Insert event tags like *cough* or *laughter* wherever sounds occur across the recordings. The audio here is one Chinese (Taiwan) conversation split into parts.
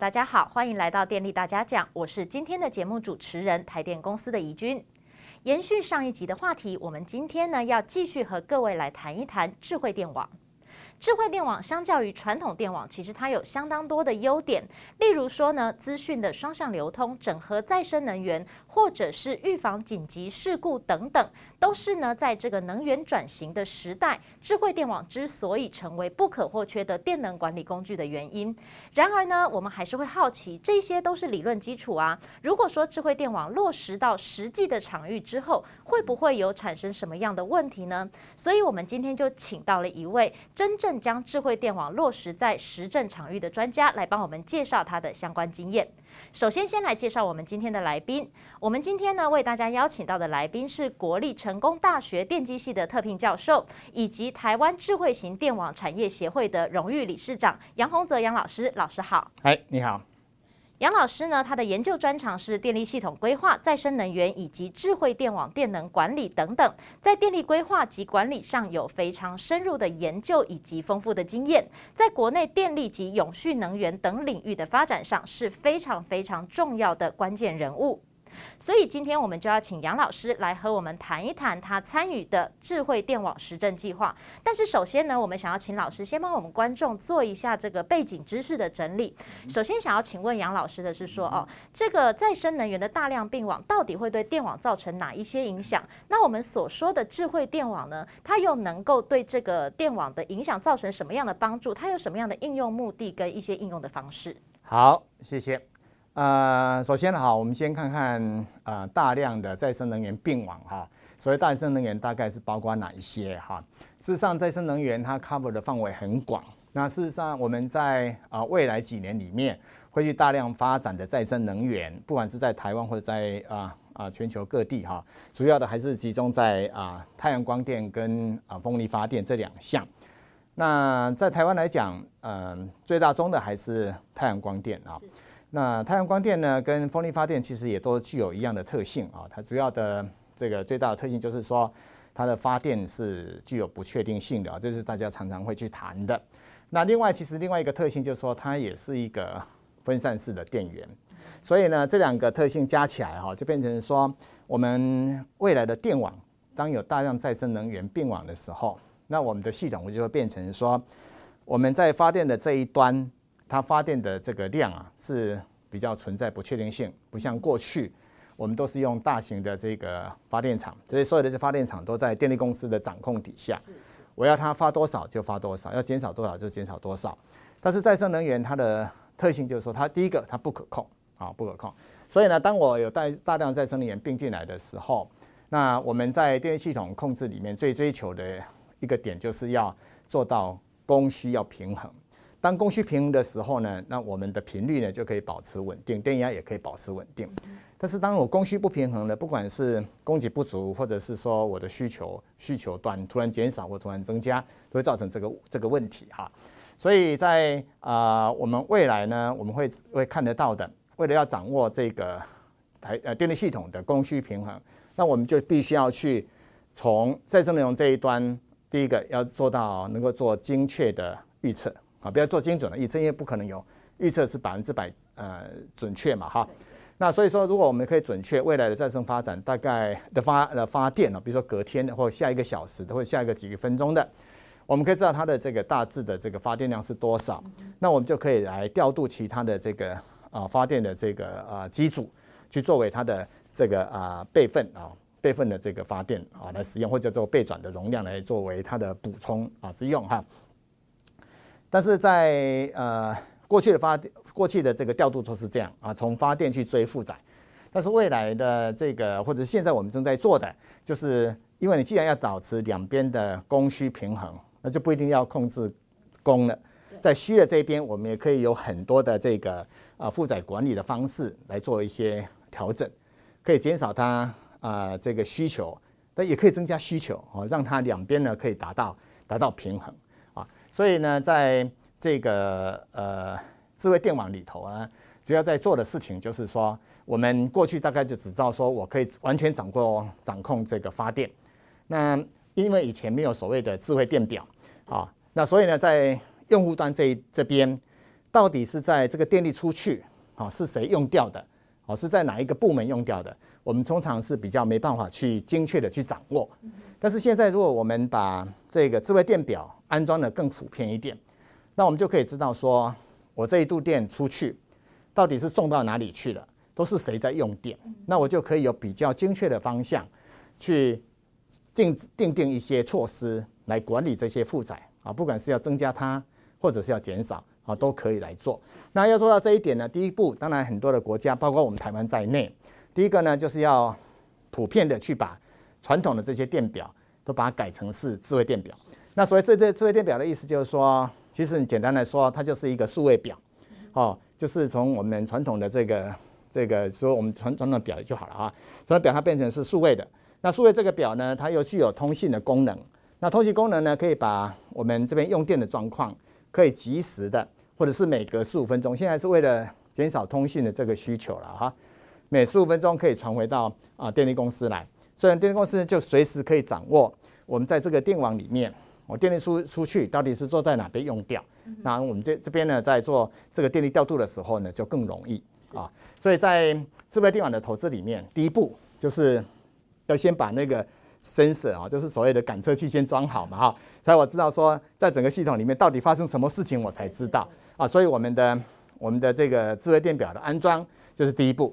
大家好，歡迎來到電力大家講，我是今天的節目主持人台電公司的怡君。延續上一集的話題，我們今天呢要繼續和各位來談一談智慧電網。智慧電網相較於傳統電網，其實它有相當多的優點，例如說呢資訊的雙向流通、整合再生能源，或者是預防緊急事故等等。都是呢，在這個能源轉型的時代，智慧電網之所以成為不可或缺的電能管理工具的原因。然而呢，我們還是會好奇，這些都是理論基礎啊。如果說智慧電網落實到實際的場域之後，會不會有產生什麼樣的問題呢？所以，我們今天就請到了一位真正將智慧電網落實在實證場域的專家，來幫我們介紹他的相關經驗。首先，先來介紹我們今天的來賓。我們今天呢，為大家邀請到的來賓是國立成功大學電機系的特聘教授，以及台灣智慧型電網產業協會的榮譽理事長楊宏澤楊老師。老師好。哎，你好。楊老師呢，他的研究專長是電力系統規劃、再生能源以及智慧電網、電能管理等等，在電力規劃及管理上有非常深入的研究以及豐富的經驗，在國內電力及永續能源等領域的發展上是非常非常重要的關鍵人物。所以今天我們就要請楊老師來和我們談一談他參與的智慧電網實證計劃。但是首先呢，我們想要請老師先幫我們觀眾做一下這個背景知識的整理。首先想要請問楊老師的是說，哦，這個再生能源的大量併網到底會對電網造成哪一些影響？那我們所說的智慧電網呢，它又能夠對這個電網的影響造成什麼樣的幫助？它有什麼樣的應用目的跟一些應用的方式？好，謝謝。呃、首先哈，我們先看看、呃、大量的再生能源併網哈。所謂再生能源大概是包括哪一些哈？事實上，再生能源它 cover 的範圍很廣。那事實上，我們在啊、呃、未來幾年裡面會去大量發展的再生能源，不管是在台灣或者在啊啊、呃呃、全球各地哈，主要的還是集中在啊、呃、太陽光電跟啊、呃、風力發電這兩項。那在台灣來講，嗯、呃，最大宗的還是太陽光電啊。那太陽光電呢，跟風力發電其實也都具有一樣的特性啊、哦。它主要的這個最大的特性就是說，它的發電是具有不確定性的啊，這是大家常常會去談的。那另外，其實另外一個特性就是說，它也是一個分散式的電源。所以呢，這兩個特性加起來哈，就變成說，我們未來的電網當有大量再生能源併網的時候，那我們的系統就會變成說，我們在發電的這一端。它發電的這個量啊，是比較存在不確定性，不像過去我們都是用大型的這個發電廠，所以所有的這發電廠都在電力公司的掌控底下，我要它發多少就發多少，要減少多少就減少多少。但是再生能源它的特性就是說，它第一個它不可控啊，不可控，所以呢，當我有帶大量再生能源並進來的時候，那我們在電力系統控制裡面最追求的一個點就是要做到供需要平衡。當供需平衡的時候呢，那我們的頻率呢就可以保持穩定，電壓也可以保持穩定。但是當我供需不平衡的，不管是供給不足，或者是說我的需求需求端突然減少或突然增加，都會造成這個這個問題哈、啊。所以在啊、呃，我們未來呢，我們會會看得到的。為了要掌握這個台呃電力系統的供需平衡，那我們就必須要去從再生能源這一端，第一個要做到能夠做精確的預測。啊，不要做精準的預測，因為不可能有預測是百分之百呃準確嘛哈。對對對，那所以說，如果我們可以準確未來的再生發展大概的發呃發電呢、哦，比如說隔天的或下一個小時的，或下一個幾個分鐘的，我們可以知道它的這個大致的這個發電量是多少，嗯、哼那我們就可以來調度其他的這個啊、呃、發電的這個啊機、呃、組去作為它的這個啊、呃、備份啊、哦、備份的這個發電啊、哦、來使用，嗯、或者做備轉的容量來作為它的補充啊之用哈。但是在呃過去的發過去的這個調度都是這樣啊，從發電去追負載。但是未來的這個或者現在我們正在做的，就是因為你既然要保持兩邊的供需平衡，那就不一定要控制供了，在需的這一邊，我們也可以有很多的這個啊，負載管理的方式來做一些調整，可以減少它啊、呃、這個需求，但也可以增加需求哦，讓它兩邊呢可以達到達到平衡。所以呢，在這個呃智慧電網裡頭啊，主要在做的事情就是說，我們過去大概就只知道說我可以完全掌握掌控這個發電。那因為以前沒有所謂的智慧電表啊、哦，那所以呢，在用戶端這一這邊，到底是在這個電力出去啊、哦、是誰用掉的？哦，是在哪一個部門用掉的？我們通常是比較沒辦法去精確的去掌握。但是現在，如果我們把這個智慧電表安裝的更普遍一點，那我們就可以知道說，我這一度電出去，到底是送到哪裡去了，都是誰在用電，那我就可以有比較精確的方向，去定定定一些措施來管理這些負載啊，不管是要增加它，或者是要減少啊，都可以來做。那要做到這一點呢，第一步，當然很多的國家，包括我們台灣在內，第一個呢，就是要普遍的去把傳統的這些電表都把它改成是智慧電表。那所以這這這電表的意思就是說，其實你簡單來說，它就是一個數位表，哦，就是從我們傳統的這個這個，說我們傳傳統的表就好了啊。傳統表它變成是數位的。那數位這個表呢，它又具有通信的功能。那通訊功能呢，可以把我們這邊用電的狀況，可以即時的，或者是每隔十五分鐘，現在是為了減少通信的這個需求了哈、啊，每十五分鐘可以傳回到啊電力公司來，所以電力公司就隨時可以掌握我們在這個電網裡面。我電力出出去到底是做在哪邊用掉？嗯、哼那我們這這邊呢，在做這個電力調度的時候呢，就更容易是啊。所以在智慧電網的投資裡面，第一步就是要先把那個 sensor 啊，就是所謂的感測器，先裝好嘛哈、啊，才我知道說在整個系統裡面到底發生什麼事情，我才知道是啊。所以我們的我們的這個智慧電表的安裝就是第一步。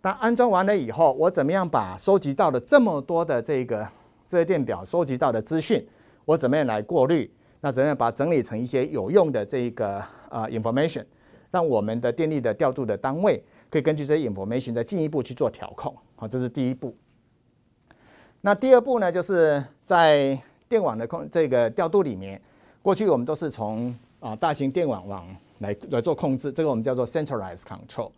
當安裝完了以後，我怎麼樣把收集到了這麼多的這個智慧電表收集到的資訊？我怎麼樣來過濾？那怎麼樣把它整理成一些有用的這個啊 information，讓我們的電力的調度的單位可以根據這些 information 再進一步去做調控？好，這是第一步。那第二步呢，就是在電網的控這個調度裡面，過去我們都是從啊大型電網網來來做控制，這個我們叫做 centralized control。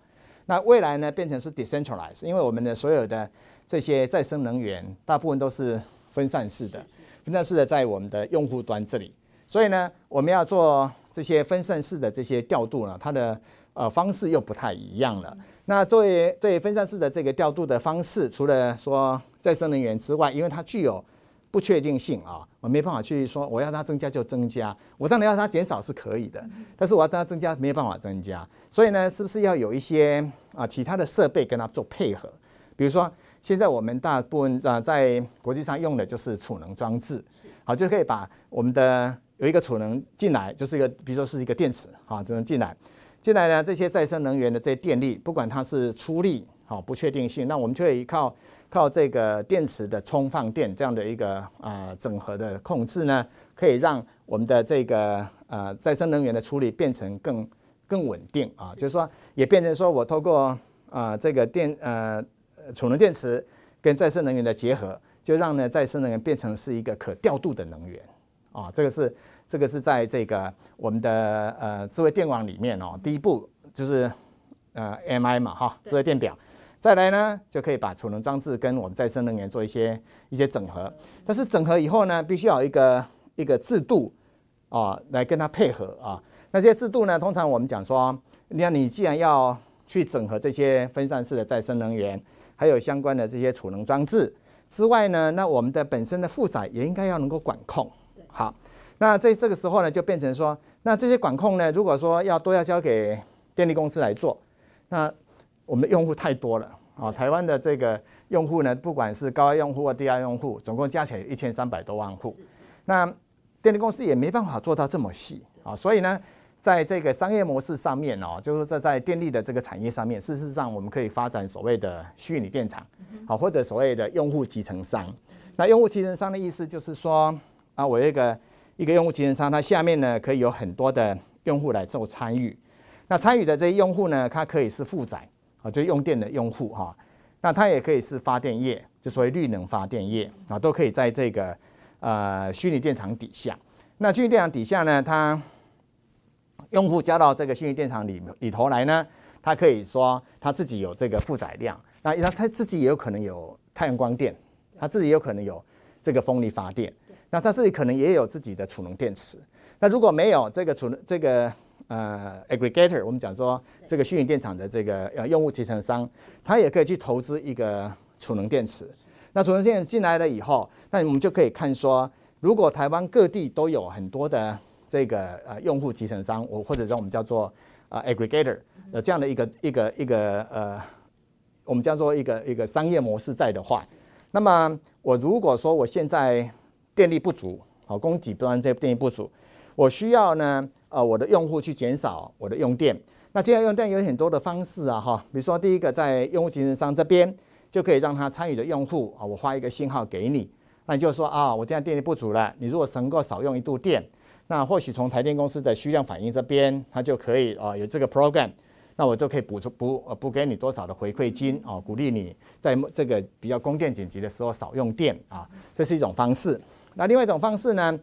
那未來呢，變成是 decentralized，因為我們的所有的這些再生能源大部分都是分散式的。分散式的在我們的用戶端這裡，所以呢，我們要做這些分散式的這些調度呢，它的呃方式又不太一樣了。那作為對分散式的這個調度的方式，除了說再生能源之外，因為它具有不確定性啊，我沒辦法去說我要它增加就增加，我當然要它減少是可以的，但是我要它增加沒辦法增加，所以呢，是不是要有一些啊其他的設備跟它做配合，比如說。現在我們大部分啊在國際上用的就是儲能裝置，好，就可以把我們的有一個儲能進來，就是一個比如說是一個電池啊，儲能進來，進來呢這些再生能源的這些電力，不管它是出力好不確定性，那我們就可以靠靠這個電池的充放電這樣的一個啊整合的控制呢，可以讓我們的這個呃再生能源的出力變成更更穩定啊，就是說也變成說我透過啊這個電呃。儲能電池跟再生能源的結合，就讓呢再生能源變成是一個可調度的能源啊、哦。這個是這個是在這個我們的呃智慧電網裡面哦。第一步就是呃 M I 嘛哈，智慧電表。對再來呢，就可以把儲能裝置跟我們再生能源做一些一些整合。但是整合以後呢，必須要有一個一個制度啊、哦、來跟它配合啊。那這些制度呢，通常我們講說，你看你既然要去整合這些分散式的再生能源。還有相關的這些儲能裝置之外呢，那我們的本身的負載也應該要能夠管控。好，那在這個時候呢，就變成說，那這些管控呢，如果說要都要交給電力公司來做，那我們的用戶太多了啊。台灣的這個用戶呢，不管是高壓用戶或低壓用戶，總共加起來有一千三百多萬戶。那電力公司也沒辦法做到這麼細啊，所以呢。在這個商業模式上面哦，就是在在電力的這個產業上面，事實上我們可以發展所謂的虛擬電廠，好，或者所謂的用戶集成商。那用戶集成商的意思就是說，啊，我一個一個用戶集成商，它下面呢可以有很多的用戶來做參與。那參與的這些用戶呢，它可以是負載啊，就是用電的用戶哈，那它也可以是發電業，就所謂綠能發電業啊，都可以在這個呃虛擬電廠底下。那虛擬電廠底下呢，它用戶加到這個虛擬電廠裡裡頭來呢，他可以說他自己有這個負載量，那他它自己也有可能有太陽光電，他自己有可能有這個風力發電，那他自己可能也有自己的儲能電池。那如果沒有這個儲能，這個呃 aggregator，我們講說這個虛擬電廠的這個呃用戶集成商，他也可以去投資一個儲能電池。那儲能電池進來了以後，那我們就可以看說，如果台灣各地都有很多的。這個呃，用戶集成商，我或者叫我們叫做 aggregator，呃，aggregator，這樣的一個一個一個呃，我們叫做一個一個商業模式在的話，那麼我如果說我現在電力不足，好，哦，供給端這電力不足，我需要呢，呃，我的用戶去減少我的用電。那這樣用電有很多的方式啊，哈，哦，比如說第一個在用戶集成商這邊就可以讓他參與的用戶啊，哦，我發一個信號給你，那你就說啊，哦，我現在電力不足了，你如果能夠少用一度電。那或許從台電公司的需量反應這邊，它就可以啊、哦、有這個 program，那我就可以補助補補給你多少的回饋金哦，鼓勵你在這個比較供電緊急的時候少用電啊、哦，這是一種方式。那另外一種方式呢，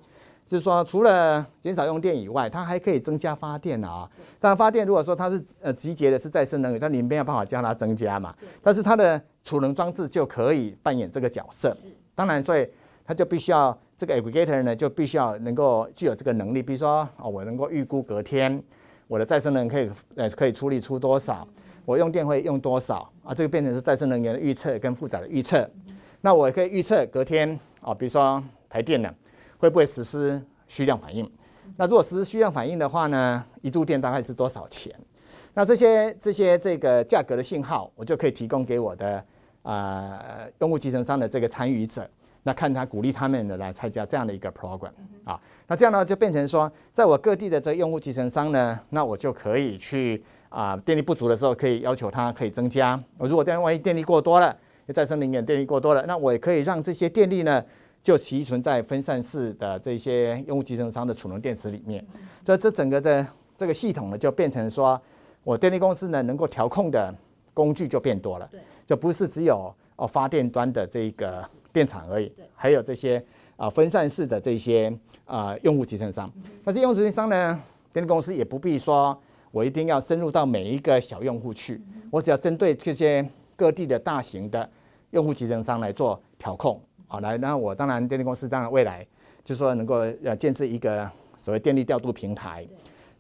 就是說除了減少用電以外，它還可以增加發電啊、哦。但發電如果說它是呃集結的是再生能源，但你沒有辦法將它增加嘛。但是它的儲能裝置就可以扮演這個角色。當然，所以。他就必須要這個 aggregator 呢，就必須要能夠具有這個能力，比如說哦，我能夠預估隔天我的再生能源可以呃可以出力出多少，我用電會用多少啊，這個變成是再生能源的預測跟負載的預測。那我也可以預測隔天啊，比如說台電呢，會不會實施需量反應？那如果實施需量反應的話呢，一度電大概是多少錢？那這些這些這個價格的信號，我就可以提供給我的啊、呃、用戶集成商的這個參與者。那看他鼓勵他們的來參加這樣的一個 program 啊，那這樣呢就變成說，在我各地的這用戶集成商呢，那我就可以去啊、呃，電力不足的時候可以要求他可以增加。我如果電萬一電力過多了，再生能源電力過多了，那我也可以讓這些電力呢就積存在分散式的這些用戶集成商的儲能電池裡面。所以這整個的這個系統呢，就變成說我電力公司呢能夠調控的工具就變多了，就不是只有哦發電端的這一個。電廠而已，還有這些啊分散式的這些啊用戶集成商，那這用戶集成商呢，電力公司也不必說我一定要深入到每一個小用戶去，我只要針對這些各地的大型的用戶集成商來做調控好，來，然後我當然電力公司當然未來就說能夠要建設一個所謂電力調度平台，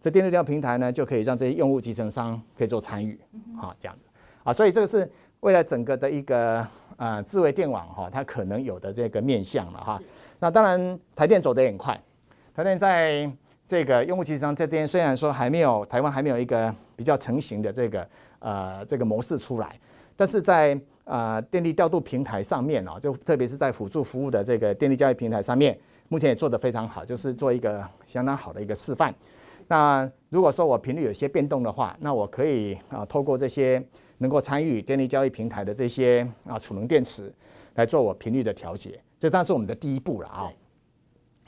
對這電力調度平台呢就可以讓這些用戶集成商可以做參與好，這樣子啊，所以這個是未來整個的一個。啊，智、呃、慧電網哈、哦，它可能有的這個面向了哈。那當然，台電走得也很快。台電在這個用戶其實上，這邊雖然說還沒有台灣還沒有一個比較成型的這個呃這個模式出來，但是在呃電力調度平台上面呢、哦，就特別是在輔助服務的這個電力交易平台上面，目前也做得非常好，就是做一個相當好的一個示範。那如果說我頻率有些變動的話，那我可以啊，透過這些能夠參與電力交易平台的這些啊儲能電池來做我頻率的調節，這當然是我們的第一步了啊、哦。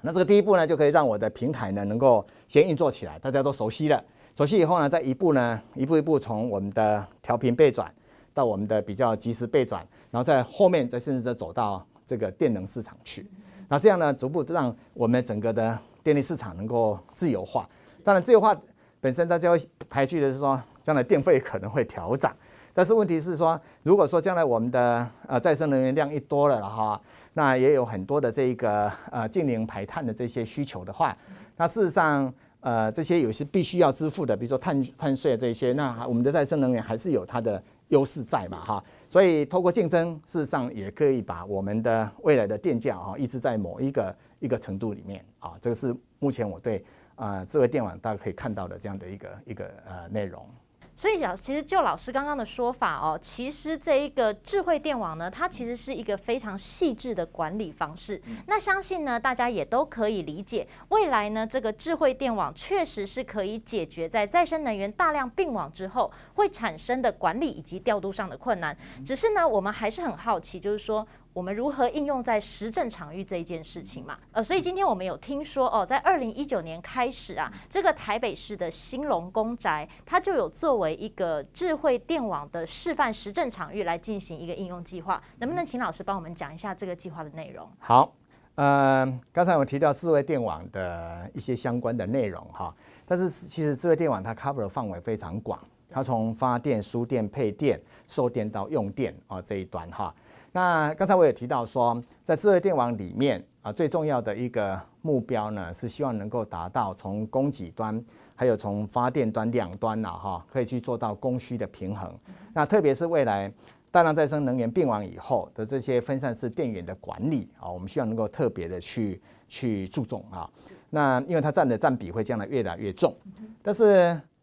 那這個第一步呢，就可以讓我的平台呢能夠先運作起來，大家都熟悉了，熟悉以後呢，再一步呢，一步一步從我們的調頻備轉到我們的比較即時備轉，然後在後面再甚至再走到這個電能市場去，那這樣呢，逐步讓我們整個的電力市場能夠自由化。當然，自由化本身大家要排序的是說，將來電費可能會調漲。但是問題是說，如果說將來我們的呃再生能源量一多了哈，那也有很多的這一個呃淨零排碳的這些需求的話，那事實上呃這些有些必須要支付的，比如說碳碳稅這些，那我們的再生能源還是有它的優勢在嘛哈。所以透過競爭，事實上也可以把我們的未來的電價啊、哦，一直在某一個一個程度裡面啊、哦。這個是目前我對。啊、呃，智慧電網大家可以看到的這樣的一個一個呃內容。所以講其實就老師剛剛的說法哦，其實這一個智慧電網呢，它其實是一個非常細緻的管理方式。嗯、那相信呢，大家也都可以理解，未來呢，這個智慧電網確實是可以解決在再生能源大量並網之後會產生的管理以及調度上的困難。嗯、只是呢，我們還是很好奇，就是說。我們如何應用在實證場域這一件事情嘛？呃，所以今天我們有聽說哦，在二零一九年開始啊，這個台北市的興隆公宅，它就有作為一個智慧電網的示範實證場域來進行一個應用計劃。能不能請老師幫我們講一下這個計劃的內容？好，呃，剛才我們提到智慧電網的一些相關的內容哈，但是其實智慧電網它 cover 的範圍非常廣，它從發電、輸電、配電、售電到用電啊、哦、這一端哈。那剛才我也提到說，在智慧電網裡面啊，最重要的一個目標呢，是希望能夠達到從供給端還有從發電端兩端吶，哈，可以去做到供需的平衡。那特別是未來大量再生能源併網以後的這些分散式電源的管理啊，我們希望能夠特別的去去注重啊。那因為它佔的佔比會將來越來越重，但是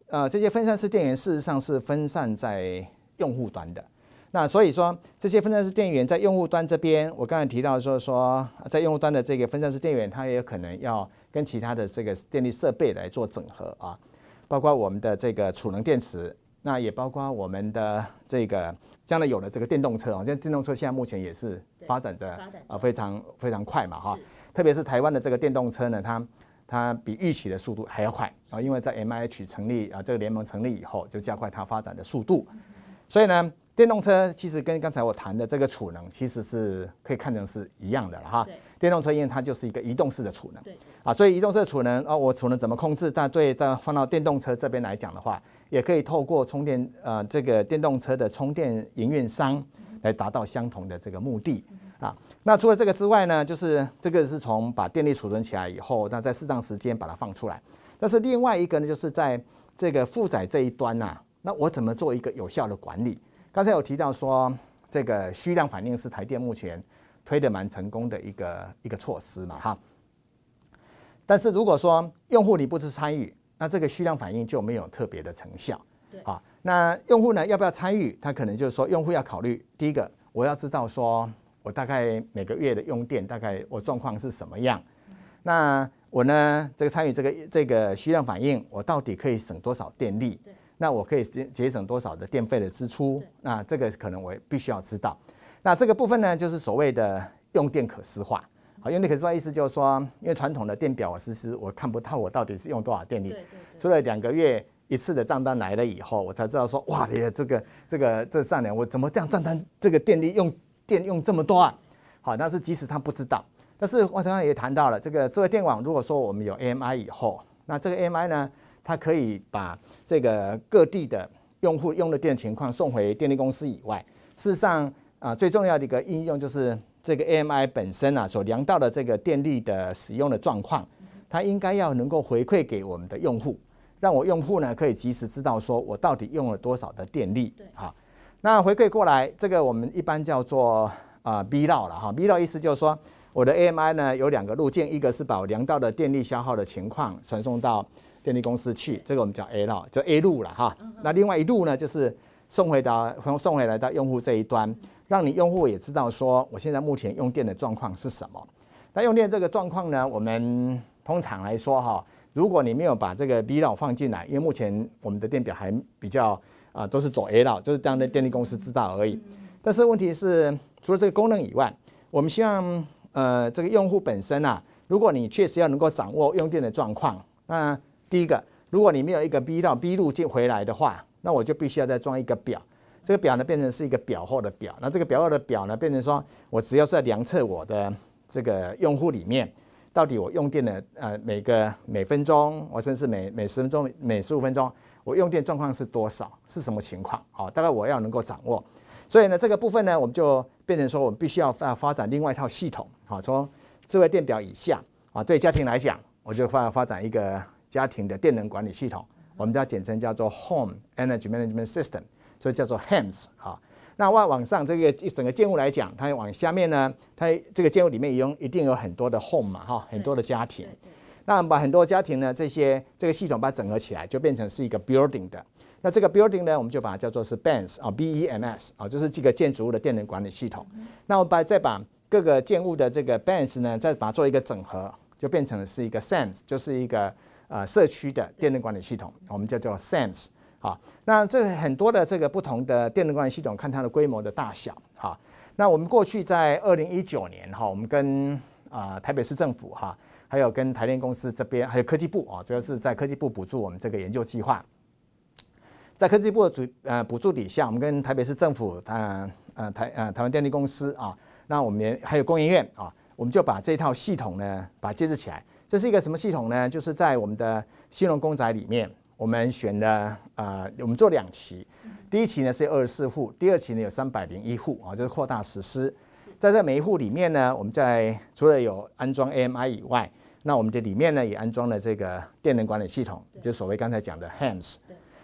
呃、啊，這些分散式電源事實上是分散在用戶端的。那所以說，這些分散式電源在用戶端這邊，我剛才提到說說，在用戶端的這個分散式電源，它也有可能要跟其他的這個電力設備來做整合啊，包括我們的這個儲能電池，那也包括我們的這個將來有了這個電動車啊，現在電動車現在目前也是發展的啊，非常非常快嘛哈啊，特別是台灣的這個電動車呢，它它比預期的速度還要快啊，因為在 M I H 成立啊這個聯盟成立以後，就加快它發展的速度，所以呢。電動車其實跟剛才我談的這個儲能，其實是可以看成是一樣的了哈。電動車因為它就是一個移動式的儲能。啊，所以移動式的儲能，哦，我儲能怎麼控制？那對，再放到電動車這邊來講的話，也可以透過充電，呃，這個電動車的充電營運商來達到相同的這個目的。啊，那除了這個之外呢，就是這個是從把電力儲存起來以後，那在適當時間把它放出來。但是另外一個呢，就是在這個負載這一端啊，那我怎麼做一個有效的管理？剛才有提到說，這個需量反應，是台電目前推得蠻成功的一個一個措施嘛，哈。但是如果說用戶你不去參與，那這個需量反應就沒有特別的成效，好對。那用戶呢要不要參與？他可能就是說，用戶要考慮第一個，我要知道說我大概每個月的用電大概我狀況是什麼樣，那我呢這個參與這個這個需量反應，我到底可以省多少電力？那我可以節節省多少的電費的支出？對那這個可能我必須要知道。那這個部分呢，就是所謂的用電可視化。好，用電可視化意思就是說，因為傳統的電表我實時我看不到我到底是用多少電力，對對對，除了兩個月一次的賬單來了以後，我才知道說，哇，哎、這個，這個這個這賬單我怎麼這樣賬單這個電力用電用這麼多啊？好，那是即使他不知道，但是我剛剛也談到了這個智慧電網，如果說我們有 AMI 以後，那這個 AMI 呢？它可以把這個各地的用戶用的電的情況送回電力公司以外，事實上啊，最重要的一個應用就是這個 AMI 本身啊，所量到的這個電力的使用的狀況，它應該要能夠回饋給我們的用戶，讓我用戶呢可以及時知道說我到底用了多少的電力。那回饋過來，這個我們一般叫做啊 Bill 了哈，Bill 意思就是說我的 AMI 呢有兩個路徑，一個是把我量到的電力消耗的情況傳送到。電力公司去，這個我們叫 A 路，就 A 路了哈。那另外一路呢，就是送回到送回來到用戶這一端，讓你用戶也知道說，我現在目前用電的狀況是什麼。那用電這個狀況呢，我們通常來說哈，如果你沒有把這個 B 路放進來，因為目前我們的電表還比較啊、呃，都是走 A 路，就是這樣的電力公司知道而已。但是問題是，除了這個功能以外，我們希望呃這個用戶本身啊，如果你確實要能夠掌握用電的狀況，那第一個，如果你沒有一個 B 到 B 路接回來的話，那我就必須要再裝一個表。這個表呢，變成是一個表後的表。那這個表後的表呢，變成說我只要是在量測我的這個用戶裡面到底我用電的呃每個每分鐘，我甚至每每十分鐘、每十五分鐘我用電狀況是多少，是什麼情況啊？哦，大概我要能夠掌握。所以呢，這個部分呢，我們就變成說，我們必須要發發展另外一套系統好，從，哦，智慧電表以下啊，哦，對家庭來講，我就發發展一個。家庭的電能管理系統，嗯、哼我們就要簡稱叫做 home energy management system，所以叫做 HEMS 啊、哦。那外往上這個一整個建物來講，它往下面呢，它這個建物裡面有一定有很多的 home 哈、哦，很多的家庭。對對對對，那我們把很多家庭呢，這些這個系統把它整合起來，就變成是一個 building 的。那這個 building 呢，我們就把它叫做是 BANS 啊、哦，B E M S 啊，就是這個建築物的電能管理系統。嗯、哼那我們把再把各個建物的這個 BANS 呢，再把它做一個整合，就變成是一個 SAMS，就是一個。啊，社區的電力管理系統，我們叫做 SEMS 好。那這很多的這個不同的電力管理系統，看它的規模的大小。好，那我們過去在二零一九年哈，我們跟啊、呃、台北市政府哈，還有跟台電公司這邊，還有科技部啊，主要是在科技部補助我們這個研究計劃。在科技部的主呃補助底下，我們跟台北市政府、嗯、呃呃、台呃台灣電力公司啊，那我們也還有工研院啊，我們就把這套系統呢，把它建設起來。這是一個什麼系統呢？就是在我們的興隆公宅裡面，我們選了啊、呃，我們做兩期，第一期呢是二十四戶，第二期呢有三百零一戶啊、哦，就是擴大實施。在這每一戶裡面呢，我們在除了有安裝 AMI 以外，那我們的裡面呢也安裝了這個電能管理系統，就所謂剛才講的 HEMS。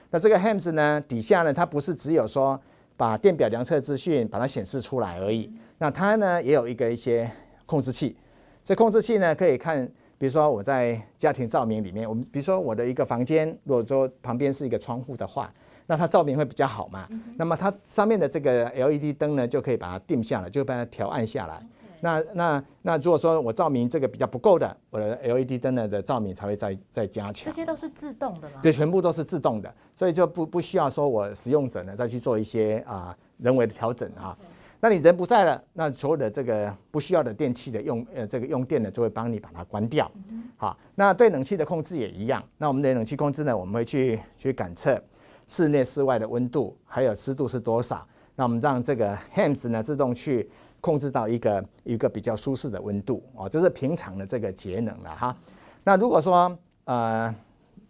那這個 HEMS 呢，底下呢它不是只有說把電表量測資訊把它顯示出來而已，那它呢也有一個一些控制器，這控制器呢可以看。比如說我在家庭照明裡面，我們比如說我的一個房間，如果說旁邊是一個窗戶的話，那它照明會比較好嘛。嗯、哼那麼它上面的這個 LED 燈呢，就可以把它定下來，就把它調暗下來。嗯 okay、那那那如果說我照明這個比較不夠的，我的 LED 燈呢的照明才會再再加強。這些都是自動的嗎？就全部都是自動的，所以就不不需要說我使用者呢再去做一些啊人為的調整啊。嗯 okay 那你人不在了，那所有的這個不需要的電器的用呃這個用電呢，就會幫你把它關掉，好，那對冷氣的控制也一樣。那我們的冷氣控制呢，我們會去去感測室內室外的溫度還有濕度是多少，那我們讓這個 HEMS 呢自動去控制到一個一個比較舒適的溫度，哦，這是平常的這個節能了哈。那如果說呃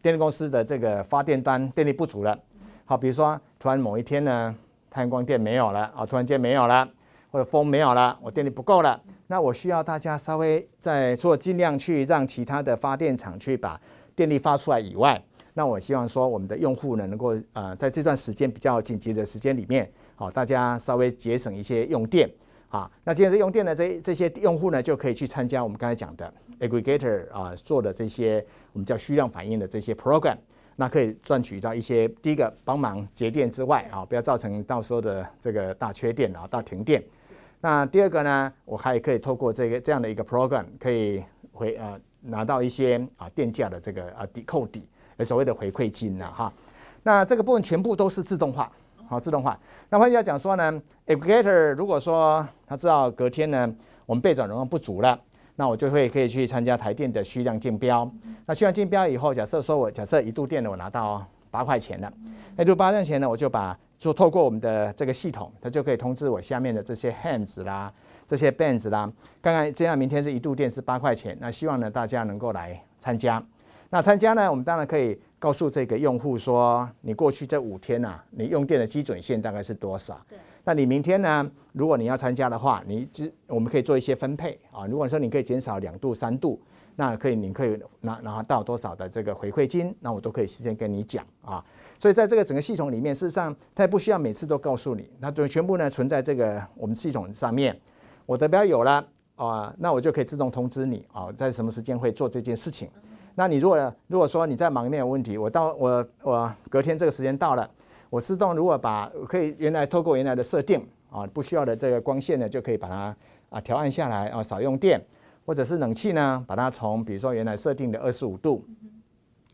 電力公司的這個發電端電力不足了，好，比如說突然某一天呢。太陽光電沒有了啊，突然間沒有了，或者風沒有了，我電力不夠了。那我需要大家稍微再做，盡量去讓其他的發電廠去把電力發出來以外，那我希望說我們的用戶呢，能夠啊，在這段時間比較緊急的時間裡面，好、呃、大家稍微節省一些用電啊。那節省用電的這這些用戶呢，就可以去參加我們剛才講的 aggregator 啊、呃、做的這些我們叫需量反應的這些 program。那可以賺取到一些，第一個幫忙節電之外啊、哦，不要造成到時候的這個大缺電啊，大停電。那第二個呢，我還可以透過這個這樣的一個 program，可以回呃拿到一些啊電價的這個啊抵扣底，所謂的回饋金啊。哈。那這個部分全部都是自動化，好、啊、自動化。那換句話講說呢，aggregator、嗯、如果說他知道隔天呢我們備轉容量不足了。那我就會可以去參加台電的需量競標。那需量競標以後，假設說我假設一度電呢，我拿到八塊錢了。那這八塊錢呢，我就把就透過我們的這個系統，它就可以通知我下面的這些 hands 啦、這些 bands 啦。剛剛這樣，明天是一度電是八塊錢，那希望呢大家能夠來參加。那參加呢，我們當然可以。告訴這個用戶說，你過去這五天吶、啊，你用電的基準線大概是多少？那對你明天呢？如果你要參加的話，你只我們可以做一些分配啊、哦。如果說你可以減少兩度三度，那可以你可以拿拿到多少的這個回饋金，那我都可以事先跟你講啊、哦。所以在這個整個系統裡面，事實上它也不需要每次都告訴你，那都全部呢存在這個我們系統上面。我的標有了啊、呃，那我就可以自動通知你啊、哦，在什麼時間會做這件事情。那你如果如果說你在忙，沒有問題，我到我我隔天這個時間到了，我自動如果把可以原來透過原來的設定啊，不需要的這個光線呢，就可以把它啊調暗下來啊，少用電，或者是冷氣呢，把它從比如說原來設定的二十五度，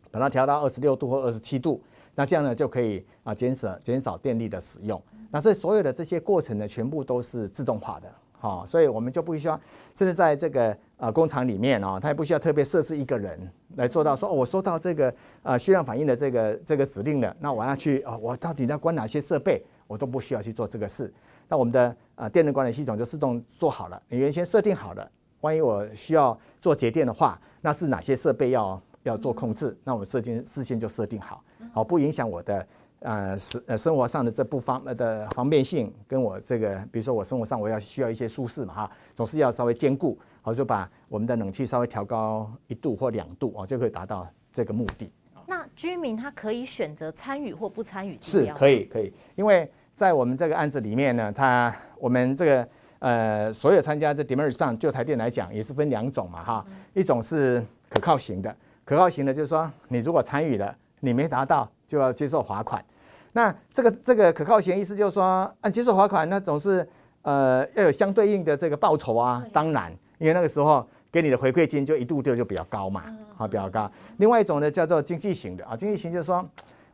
把它調到二十六度或二十七度，那這樣呢就可以啊減少減少電力的使用，那這所，所有的這些過程呢，全部都是自動化的。好，哦、所以我們就不需要，甚至在這個呃工廠裡面哦，它也不需要特別設置一個人來做到說、哦，我收到這個呃需量反應的這個這個指令了，那我要去啊、哦，我到底要關哪些設備，我都不需要去做這個事，那我們的呃電能管理系統就自動做好了。你原先設定好了，萬一我需要做節電的話，那是哪些設備要要做控制，那我設定事先就設定好，好不影響我的。呃，生呃生活上的這不方的方便性，跟我這個，比如說我生活上我要需要一些舒適嘛哈，總是要稍微兼顧，好，就把我們的冷氣稍微調高一度或兩度哦，就可以達到這個目的。那居民他可以選擇參與或不參與，是可以可以，因為在我們這個案子裡面呢，他我們這個呃所有參加的這 demand 就台電來講也是分兩種嘛哈，哦嗯、一種是可靠型的，可靠型的，就是說你如果參與了，你沒達到。就要接受罰款，那這個這個可靠型意思就是說，按、啊、接受罰款，那總是呃要有相對應的這個報酬啊。當然，因為那個時候給你的回饋金就一度電就比較高嘛，好、啊、比較高。另外一種呢叫做經濟型的啊，經濟型就是說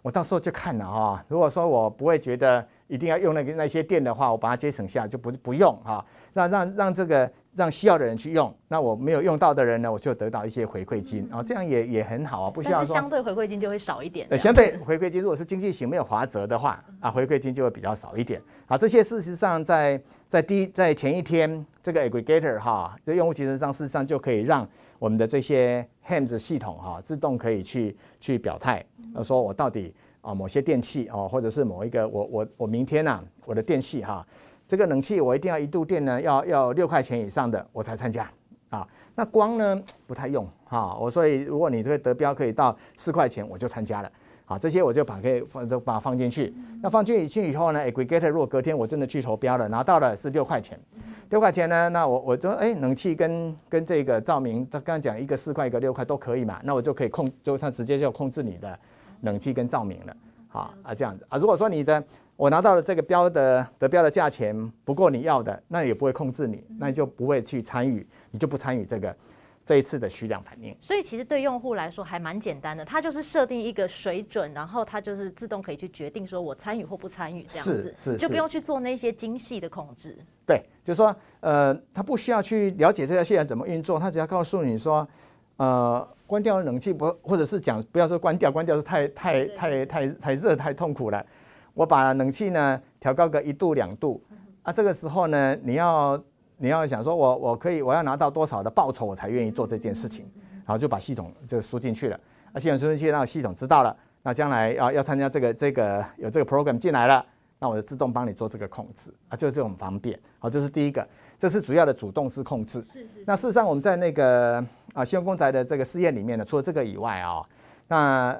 我到時候就看哈、哦。如果說我不會覺得一定要用那個那些電的話，我把它節省下就不不用啊，讓讓讓這個。讓需要的人去用，那我沒有用到的人呢，我就得到一些回饋金，然、哦、這樣也也很好啊，不需要說相對回饋金就會少一點。相對回饋金如果是經濟型沒有劃則的話，啊，回饋金就會比較少一點。啊，這些事實上在在第一在前一天這個 aggregator 哈、哦，這用戶其實上事實上就可以讓我們的這些 HEMS 系統哈、哦，自動可以去去表態，那說我到底啊、哦、某些電器哦，或者是某一個我我我明天吶、啊，我的電器哈。哦這個冷氣，我一定要一度電呢，要要六塊錢以上的我才參加啊。那光呢不太用啊，我所以如果你這個得標可以到四塊錢，我就參加了啊。這些我就把給放就把它放進去。那放進去以後呢，Aggregator，如果隔天我真的去投標了，拿到了是六塊錢，六塊錢呢，那我我就哎，冷氣跟跟這個照明，他剛剛講一個四塊一個六塊都可以嘛，那我就可以控就他直接就控制你的冷氣跟照明了啊，啊這樣子啊，如果說你的。我拿到了這個標的得標的價錢，不夠你要的，那也不會控制你，那你就不會去參與，你就不參與這個這一次的需量反應。所以其實對用戶來說還蠻簡單的，它就是設定一個水準，然後它就是自動可以去決定說我參與或不參與這樣子，是是，是是就不用去做那些精細的控制。對，就是說，呃，它不需要去了解這條線要怎麼運作，它只要告訴你說，呃，關掉冷氣不，或者是講不要說關掉，關掉是太太對對對對太太太熱太痛苦了。我把冷氣呢調高個一度兩度。啊，這個時候呢，你要你要想說我我可以我要拿到多少的報酬我才願意做這件事情，然後就把系統就輸進去了，啊，系統輸進去讓系統知道了，那將來要啊要參加這個這個有這個 program 進來了，那我就自動幫你做這個控制啊，就是這種方便，好、啊，這是第一個，這是主要的主動式控制。是是是，那事實上我們在那個啊興隆公宅的這個試驗裡面呢，除了這個以外、哦、啊，那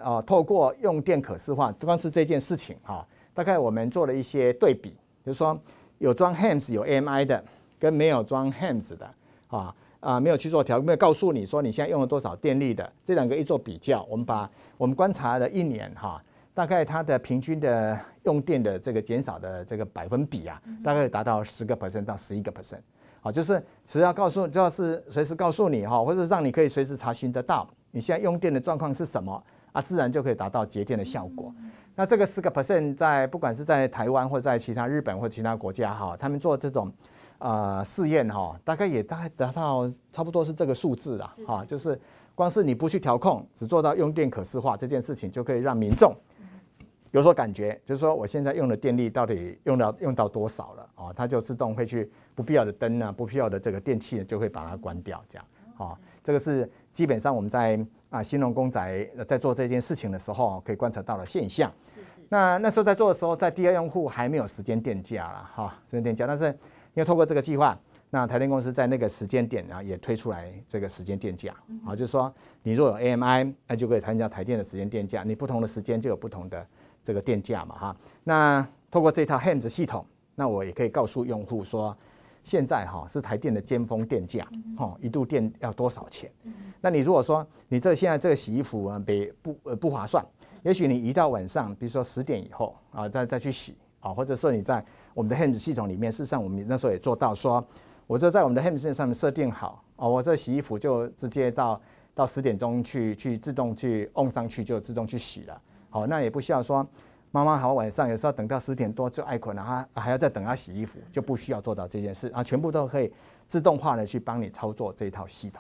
啊透過用電可視化，光是這件事情啊、哦。大概我們做了一些對比，就是說有裝 HEMS 有 AMI 的，跟沒有裝 HEMS 的，啊啊沒有去做調，沒有告訴你說你現在用了多少電力的，這兩個一做比較，我們把我們觀察了一年哈、啊，大概它的平均的用電的這個減少的這個百分比啊，大概達到十個 percent 到十一個 percent，好，就是只要告訴，只要是隨時告訴你哈、啊，或者讓你可以隨時查詢得到你現在用電的狀況是什麼，啊，自然就可以達到節電的效果。那這個四個 percent 在不管是在台灣或在其他日本或其他國家哈，他們做這種呃試驗哈，大概也大概達到差不多是這個數字啦。哈，就是光是你不去調控，只做到用電可視化這件事情，就可以讓民眾有所感覺，就是說我現在用的電力到底用到用到多少了哦，它就自動會去不必要的燈啊，不必要的這個電器就會把它關掉這樣，哦。這個是基本上我們在啊興隆公宅在做這件事情的時候，可以觀察到的現象。那那時候在做的時候，在第二用戶還沒有時間電價了哈，時間電價，但是因為透過這個計劃，那台電公司在那個時間點，啊，也推出來這個時間電價啊，就是說你若有 AMI，那就可以參加台電的時間電價，你不同的時間就有不同的這個電價嘛哈。那透過這套 HEMS 系統，那我也可以告訴用戶說，現在哈是台電的尖峰電價，哈一度電要多少錢？嗯嗯，那你如果說你這個現在這個洗衣服啊，別不呃不划算，也許你移到晚上，比如說十點以後啊，再再去洗啊，或者說你在我們的 HEMS 系統裡面，事實上我們那時候也做到說，我就在我們的 HEMS 系統上面設定好，我這洗衣服就直接到到十點鐘去去自動去 on 上去就自動去洗了，好，那也不需要說。媽媽好，晚上有時候等到十點多就愛困，然後她還要再等她洗衣服，就不需要做到這件事啊，然後全部都可以自動化的去幫你操作這一套系統，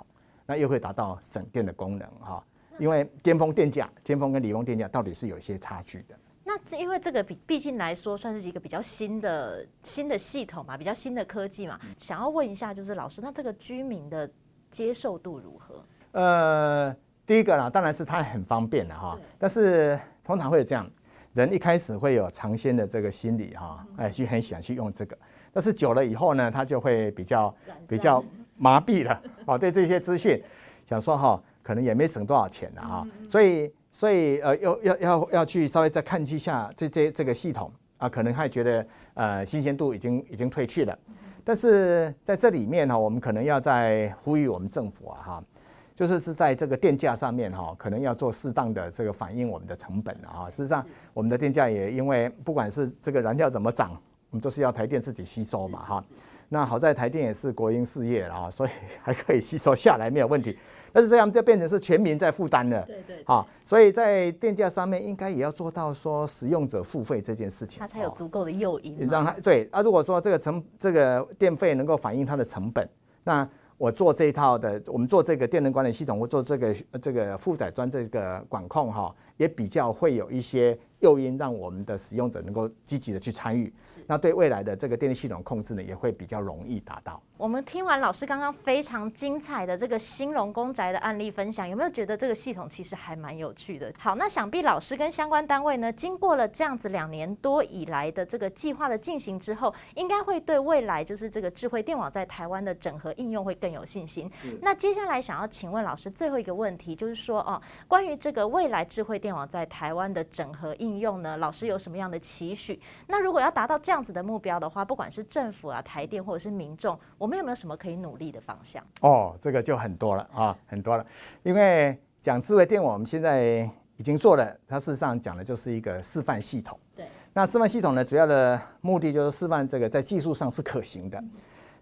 那又會達到省電的功能哈。因為尖峰電價、尖峰跟離峰電價到底是有一些差距的。那因為這個比畢竟來說算是一個比較新的新的系統嘛，比較新的科技嘛，想要問一下就是老師，那這個居民的接受度如何？呃，第一個啦，當然是他很方便的哈，對但是通常會有這樣。人一開始會有嘗鮮的這個心理哈、啊、哎，就很喜歡去用這個，但是久了以後呢，他就會比較比較麻痹了哦。對這些資訊，想說哈、哦，可能也沒省多少錢了、啊、哈。所以，所以呃，要要要要去稍微再看去一下這些這個系統啊，可能還覺得呃新鮮度已經已經退去了。但是在這裡面呢、啊，我們可能要再呼籲我們政府啊哈。就是是在這個電價上面哈、哦，可能要做適當的這個反映我們的成本了、啊、事實上，我們的電價也因為不管是這個燃料怎麼漲，我們都是要台電自己吸收嘛哈。是是是，那好在台電也是國營事業了啊、哦，所以還可以吸收下來沒有問題。但是這樣就變成是全民在負擔了。對對、對、哦、所以在電價上面應該也要做到說使用者付費這件事情，它才有足夠的誘因。你讓它對啊，如果說這個成這個電費能夠反映它的成本，那。我做這一套的，我們做這個電能管理系統，我做這個這個負載端這個管控哈，也比較會有一些。誘因讓我們的使用者能夠積極的去參與，那對未來的這個電力系統控制呢，也會比較容易達到。我們聽完老師剛剛非常精彩的這個興隆公宅的案例分享，有沒有覺得這個系統其實還蠻有趣的？好，那想必老師跟相關單位呢，經過了這樣子兩年多以來的這個計劃的進行之後，應該會對未來就是這個智慧電網在台灣的整合應用會更有信心。嗯。那接下來想要請問老師最後一個問題，就是說哦，關於這個未來智慧電網在台灣的整合應用。應用呢？老師有什麼樣的期許？那如果要達到這樣子的目標的話，不管是政府啊、台電或者是民眾，我們有沒有什麼可以努力的方向？哦，這個就很多了啊，很多了。因為講智慧電網，我們現在已經做了，它事實上講的就是一個示範系統。對，那示範系統呢，主要的目的就是示範這個在技術上是可行的，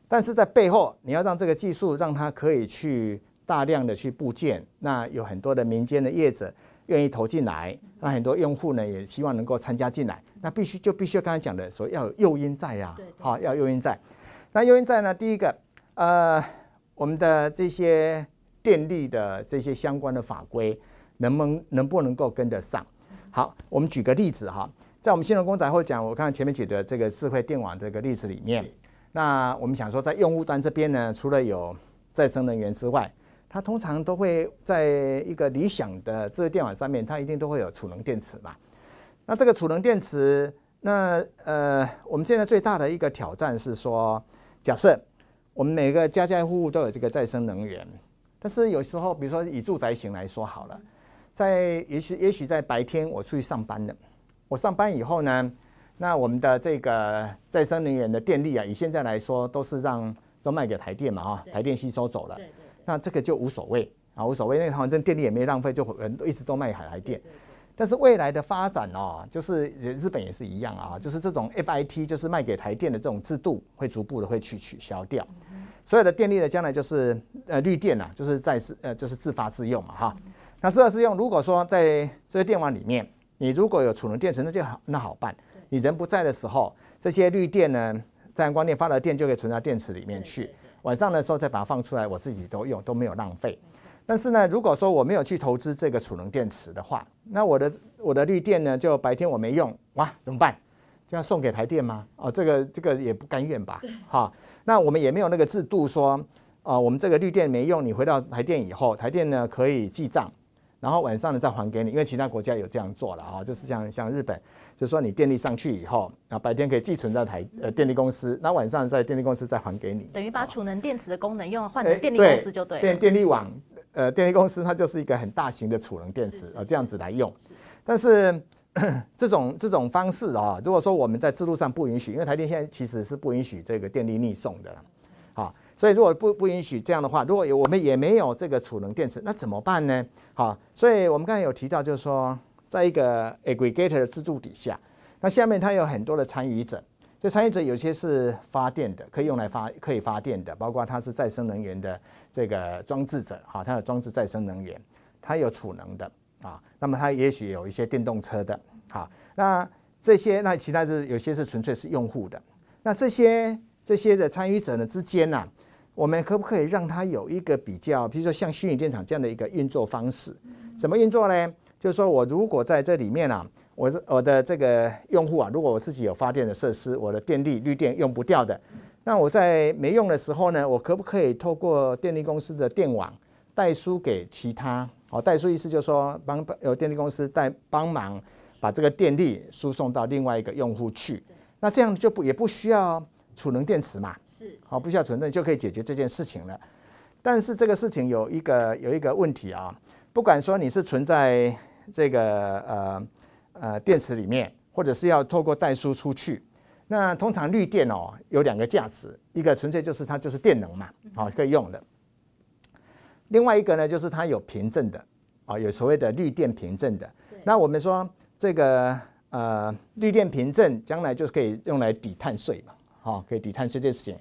但是在背後你要讓這個技術讓它可以去大量的去布建，那有很多的民間的業者。願意投進來，那很多用戶呢也希望能夠參加進來，那必須就必須要剛才講的說要有誘因在呀、啊，好、哦、要誘因在，那誘因在呢？第一個，呃，我們的這些電力的這些相關的法規能不能，能不能夠跟得上？好，我們舉個例子哈、哦，在我們興隆公宅會講，我看前面舉的這個智慧電網這個例子裡面，是那我們想說在用戶端這邊呢，除了有再生能源之外，它通常都會在一個理想的智慧電網上面，它一定都會有儲能電池嘛。那這個儲能電池，那呃，我們現在最大的一個挑戰是說，假設我們每個家家戶戶都有這個再生能源，但是有時候，比如說以住宅型來說好了，在也許也許在白天我出去上班了，我上班以後呢，那我們的這個再生能源的電力啊，以現在來說都是讓都賣給台電嘛哈，台電吸收走了。那這個就無所謂啊，無所謂，那反正電力也沒浪費，就人一直都賣給台電。對對對，但是未來的發展哦，就是日本也是一樣啊，就是這種 FIT，就是賣給台電的這種制度，會逐步的會去取消掉。所有的電力呢，將來就是呃綠電啦、啊，就是在是呃就是自發自用嘛哈。對對對，那自發自用，如果說在這些電網裡面，你如果有儲能電池，那就好那好辦。你人不在的時候，這些綠電呢，自然光電發的電就可以存到電池裡面去。對對對晚上的時候再把它放出來，我自己都用，都沒有浪費。但是呢，如果說我沒有去投資這個儲能電池的話，那我的我的綠電呢，就白天我沒用，哇，怎麼辦？就要送給台電嗎？哦，這個這個也不甘願吧？好對、哦，那我們也沒有那個制度說，哦、呃，我們這個綠電沒用，你回到台電以後，台電呢可以記賬。然後晚上呢，再還給你，因為其他國家有這樣做了啊，就是像像日本，就是說你電力上去以後啊，白天可以寄存在台呃、嗯、電力公司，那晚上在電力公司再還給你，等於把儲能電池的功能用來、哦、換成電力公司就對。電電力網呃電力公司它就是一個很大型的儲能電池啊、哦，這樣子來用，是是，但是這種這種方式啊、哦，如果說我們在制度上不允許，因為台電現在其實是不允許這個電力逆送的、哦所以，如果不不允許這樣的話，如果有我們也沒有這個儲能電池，那怎麼辦呢？好，所以我們剛才有提到，就是說，在一個 aggregator 的制度底下，那下面它有很多的參與者，這參與者有些是發電的，可以用來發可以發電的，包括它是再生能源的這個裝置者，哈，它有裝置再生能源，它有儲能的啊，那麼它也許有一些電動車的，好，那這些，那其他是有些是純粹是用戶的，那這些這些的參與者呢之間呢、啊？我們可不可以讓它有一個比較，比如說像虛擬電廠這樣的一個運作方式？怎麼運作呢？就是說我如果在這裡面啊，我是我的這個用戶啊，如果我自己有發電的設施，我的電力綠電用不掉的，那我在沒用的時候呢，我可不可以透過電力公司的電網代輸給其他？哦，代輸意思就是說幫有電力公司帶幫，幫忙把這個電力輸送到另外一個用戶去。那這樣就不也不需要儲能電池嘛？好，不需要存證就可以解決這件事情了，但是這個事情有一個有一個問題啊，不管說你是存在這個呃呃電池裡面，或者是要透過代輸出去，那通常綠電哦有兩個價值，一個純粹就是它就是電能嘛，好、哦、可以用的，另外一個呢就是它有憑證的，啊、哦、有所謂的綠電憑證的，那我們說這個呃綠電憑證將來就是可以用來抵碳稅嘛。好、哦，可以抵碳稅這件事情，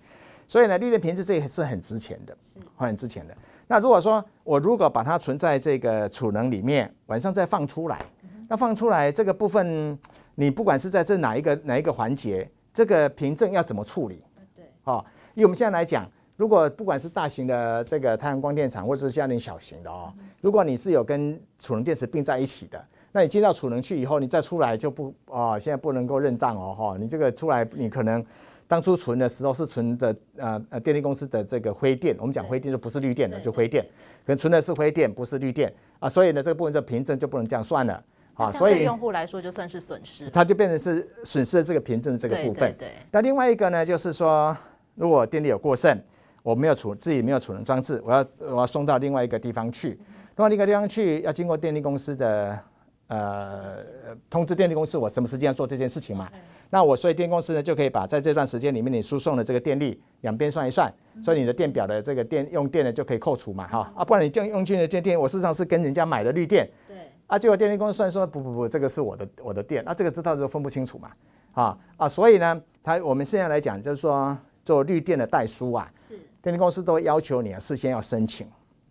所以呢，綠電憑證這也是很值錢的，是很值錢的。那如果說我如果把它存在這個儲能裡面，晚上再放出來，那放出來這個部分，你不管是在這哪一個哪一個環節，這個憑證要怎麼處理？對，哦，因為我們現在來講，如果不管是大型的這個太陽光電廠，或者是像你小型的哦，如果你是有跟儲能電池並在一起的，那你接到儲能去以後，你再出來就不哦，現在不能夠認賬哦，哈、哦，你這個出來你可能。當初存的時候是存的呃電力公司的這個灰電，我們講灰電就不是綠電了，就灰電，可能存的是灰電不是綠電啊，所以呢這個部分的憑證就不能這樣算了啊，所以用戶來說就算是損失，它就變成是損失的這個憑證這個部分。對對。那另外一個呢，就是說如果電力有過剩，我沒有儲自己沒有儲能裝置，我要我要送到另外一個地方去，送到另一個地方去要經過電力公司的。呃，通知電力公司我什麼時間要做這件事情嘛？對那我所以電力公司呢就可以把在這段時間裡面你輸送的這個電力兩邊算一算，所以你的電表的這個電、嗯、用電呢就可以扣除嘛，哈、嗯、啊，不然你用用去的電我事實上是跟人家買的綠電，對，啊，結果電力公司算說不，不不不，這個是我的我的電，那、啊、這個知道就分不清楚嘛，啊啊，所以呢，他我們現在來講就是說做綠電的代輸啊，是電力公司都要求你、啊、事先要申請。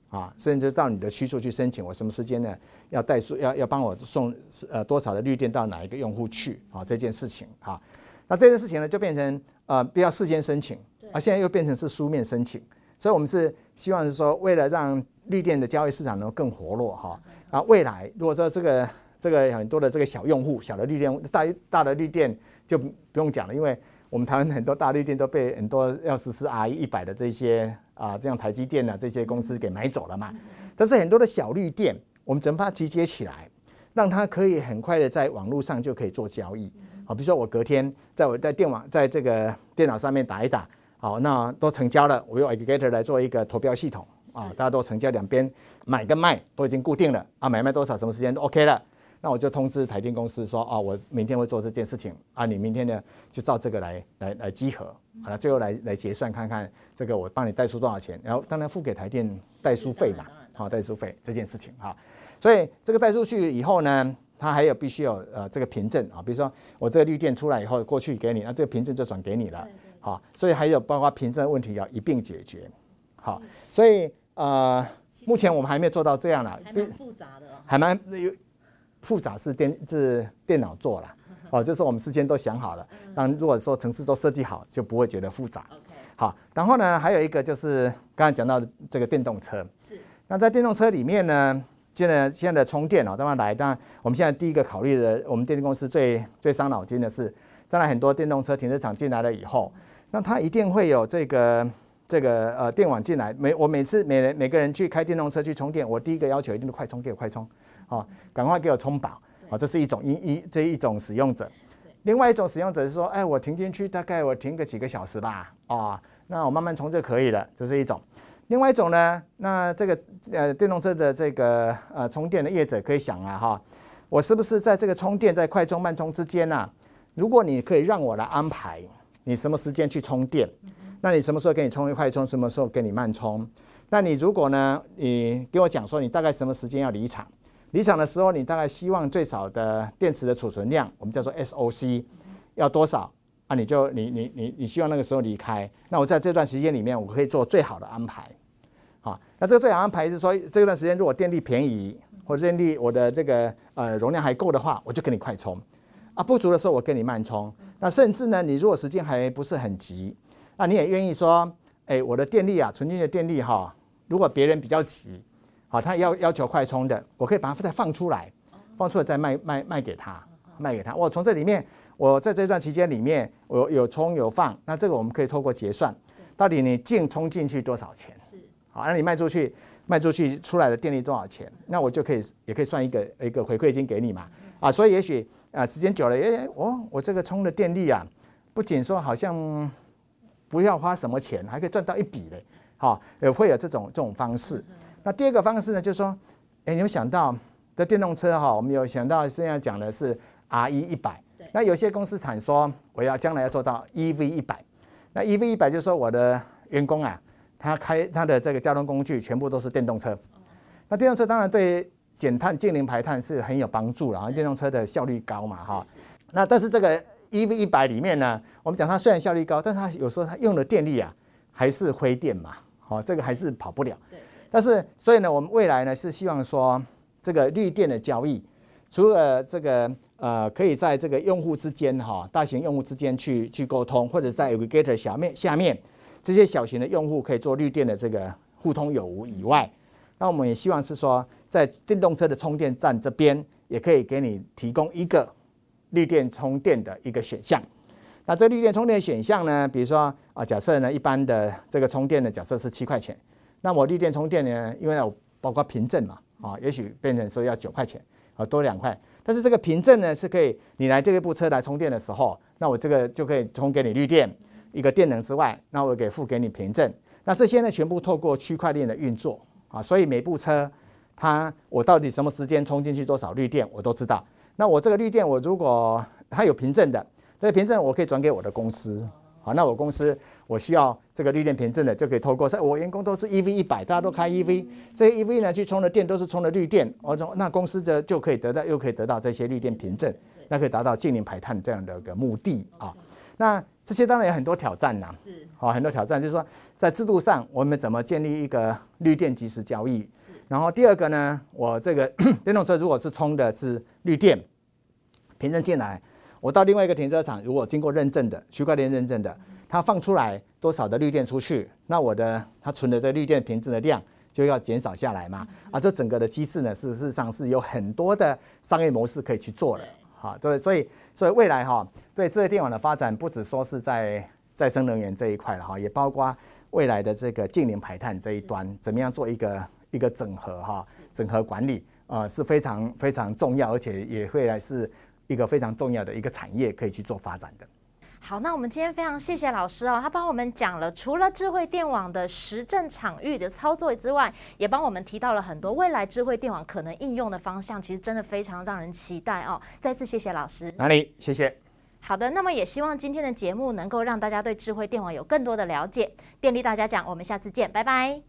啊，甚至到你的區處去申請，我什麼時間呢？要帶數，要要幫我送呃多少的綠電到哪一個用戶去啊、哦？這件事情啊、哦，那這件事情呢，就變成呃，不要事先申請，啊，現在又變成是書面申請，所以我們是希望是說，為了讓綠電的交易市場能夠更活絡哈。啊、哦，嗯、未來如果說這個這個很多的這個小用戶、小的綠電，大大的綠電就不用講了，因為我們台灣很多大綠電都被很多要實施 I 一百的這些。啊，這樣台積電吶、啊、這些公司給買走了嘛？但是很多的小綠電，我們整把它集結起來，讓它可以很快的在網絡上就可以做交易。好、啊，比如說我隔天在我在電網在這個電腦上面打一打，好、啊，那都成交了。我用 aggregator 來做一個投標系統啊，大家都成交，兩邊買跟賣都已經固定了啊，買賣多少什麼時間都 OK 了。那我就通知台電公司說，哦，我明天會做這件事情啊，你明天呢就照這個來來來集合，好了，最後來來結算看看這個我幫你代收多少錢，然後當然付給台電代收費嘛，好，代收費這件事情哈，所以這個代收去以後呢，它還有必須有呃這個憑證啊，比如說我這個綠電出來以後過去給你，那、啊、這個憑證就轉給你了，好，所以還有包括憑證問題要一併解決，好，所以呃目前我們還沒有做到這樣啦，還蠻複雜的啊，還蠻。複雜是電是電腦做啦，哦，就是我們事先都想好了。那如果說城市都設計好，就不會覺得複雜。OK，好，然後呢，還有一個就是剛才講到的這個電動車。那在電動車裡面呢，現在現在的充電啊、哦，當然來，當然我們現在第一個考慮的，我們電力公司最最傷腦筋的是，當然很多電動車停車場進來了以後，那它一定會有這個這個呃電網進來。每我每次每人每個人去開電動車去充電，我第一個要求一定是快充，給快充。好，趕、哦、快給我充飽！哦，這是一種一一這一種使用者。另外一種使用者是說，哎，我停進去大概我停個幾個小時吧，啊、哦，那我慢慢充就可以了。這、就是一種，另外一種呢，那這個呃電動車的這個呃充電的業者可以想啊，哈、哦，我是不是在這個充電在快充慢充之間呢、啊？如果你可以讓我來安排你什麼時間去充電，那你什麼時候給你充一快充，什麼時候給你慢充？那你如果呢，你給我講說你大概什麼時間要離場？離場的時候，你大概希望最少的電池的儲存量，我們叫做 S O C，要多少啊你？你就你你你你希望那個時候離開。那我在這段時間裡面，我可以做最好的安排，好、啊。那這個最好安排是說，這段時間如果電力便宜，或者電力我的這個呃容量還夠的話，我就給你快充啊。不足的時候，我給你慢充。那甚至呢，你如果時間還不是很急，那你也願意說，哎、欸，我的電力啊，存進的電力哈。如果別人比較急。好，他要要求快充的，我可以把它再放出來，放出來再賣賣賣給他，賣給他。我從這裡面，我在這段期間裡面，我有充有放，那這個我們可以透過結算，到底你淨充進去多少錢？好，那你賣出去，賣出去出來的電力多少錢？那我就可以也可以算一個一個回饋金給你嘛。啊，所以也許啊，時間久了，哎、欸，我、哦、我這個充的電力啊，不僅說好像不要花什麼錢，還可以賺到一筆的。好，也會有這種這種方式。那第二個方式呢，就是說，誒、欸，你們想到的電動車哈、哦，我們有想到現在講的是 R E 一百。對。那有些公司產說，我要將來要做到 E V 一百。那 E V 一百就是說我的員工啊，他開他的這個交通工具全部都是電動車。那電動車當然對減碳、淨零排碳是很有幫助了。電動車的效率高嘛哈。那但是這個 E V 一百裡面呢，我們講它雖然效率高，但是它有時候它用的電力啊還是灰電嘛。哦。這個還是跑不了。對。但是，所以呢，我們未來呢是希望說，這個綠電的交易，除了這個呃，可以在這個用戶之間哈，大型用戶之間去去溝通，或者在 aggregator 下面下面這些小型的用戶可以做綠電的這個互通有無以外，那我們也希望是說，在電動車的充電站這邊，也可以給你提供一個綠電充電的一個選項。那這綠電充電選項呢，比如說啊，假設呢一般的這個充電的假設是七塊錢。那我綠電充電呢？因為有包括憑證嘛，啊，也許變成說要九塊錢，啊多兩塊。但是這個憑證呢是可以，你來這一部車來充電的時候，那我這個就可以充給你綠電一個電能之外，那我給付給你憑證。那這些呢全部透過區塊鏈的運作啊，所以每部車它我到底什麼時間充進去多少綠電我都知道。那我這個綠電我如果它有憑證的，這憑證我可以轉給我的公司。好，那我公司我需要這個綠電憑證的，就可以透過在我員工都是 EV100，大家都開 EV，這些 EV 呢去充的電都是充的綠電，我從那公司的就可以得到，又可以得到這些綠電憑證，那可以達到淨零排碳這樣的一個目的啊。對那這些當然有很多挑戰啦、啊，是，好，很多挑戰就是說在制度上我們怎麼建立一個綠電即時交易，是然後第二個呢，我這個 *coughs* 電動車如果是充的是綠電憑證進來。我到另外一個停車場，如果經過認證的區塊鏈認證的，它放出來多少的綠電出去，那我的它存的這個綠電憑證的量就要減少下來嘛？啊，這整個的機制呢，事實上是有很多的商業模式可以去做的，哈，對，所以所以未來哈、哦，對智慧電網的發展，不只說是在再生能源這一塊了哈、哦，也包括未來的這個淨零排碳這一端，怎麼樣做一個一個整合哈、哦，整合管理啊、呃，是非常非常重要，而且也會來是。一個非常重要的一個產業，可以去做發展的。好，那我們今天非常謝謝老師哦，他幫我們講了除了智慧電網的實證場域的操作之外，也幫我們提到了很多未來智慧電網可能應用的方向，其實真的非常讓人期待哦。再次謝謝老師，哪裡？謝謝。好的，那麼也希望今天的節目能夠讓大家對智慧電網有更多的了解。電力大家講，我們下次見，拜拜。